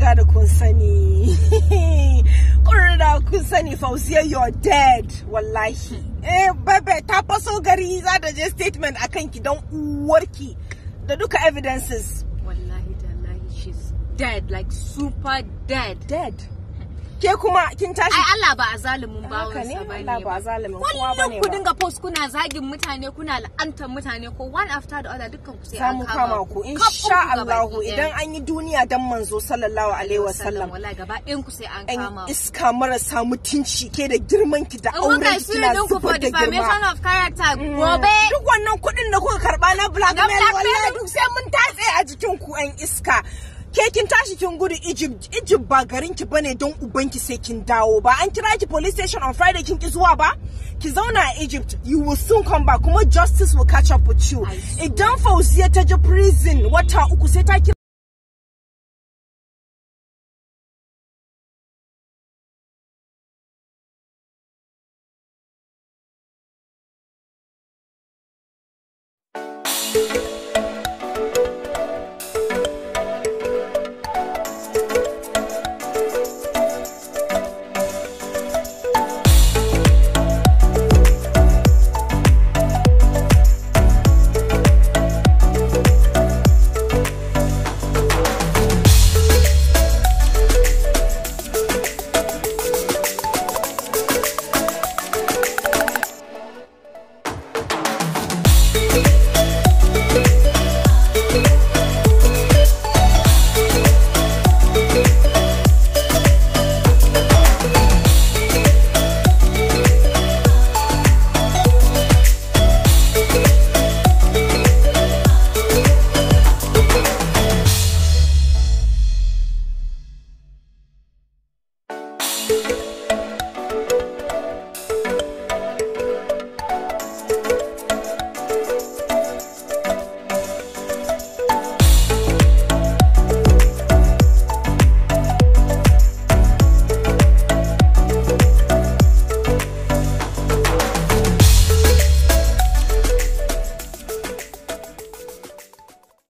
riga da kun sani kun da kun sani fauziya you're dead wallahi eh babe ta faso gari za da je statement akan ki don uwarki da duka evidences wallahi tallahi she's dead like super dead dead ke kuma kin tashi ai Allah ba a ba bawon ne bane Allah ba azalimin kowa bane ku dinga post kuna zagin mutane kuna la'antar mutane ko one after the other dukkan ku sai an kama ku insha Allah idan an yi duniya dan manzo sallallahu alaihi wasallam wallahi gaba ɗayan ku sai an kama ku iska marasa mutunci ke da girman ki da auren ki su ko da girma of character mm. gobe duk wannan kuɗin da kuka karba na blackmail wallahi duk sai mun tatse a jikin ku an iska ke kin tashi kin gudu Egypt Egypt ba garin ki bane don ubanki sai kin dawo ba an kira ki police station on Friday kin ki zuwa ba ki zauna a Egypt you will soon come back kuma justice will catch up with you idan Fauziya ta je prison wata uku sai ta